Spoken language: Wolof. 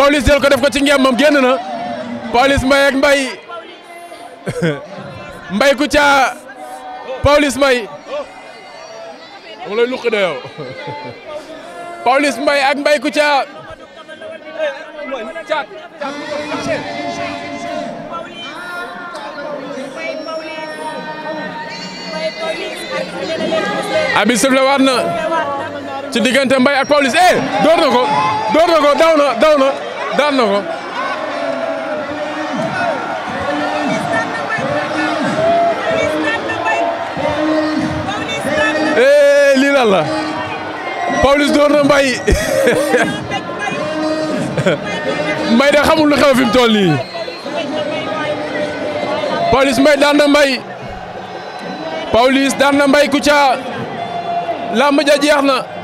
Pawlish jël ko def ko ci ngembam génn na Pawlish Mbaye ak Mbaye Mbaye Kouthia Pawlish Mbaye moom lay luqi da yow Pawlish Mbaye ak Mbaye Kouthia abi sifle waat na ci diggante Mbaye ak Pawlish eh door na ko door na ko daw na daw na daan na ko. Eh, la Pawlish door na Mbaye da de xamul lu xew fi mu nii Pawlish Mbaye daan na Mbaye Pawlish daan na na.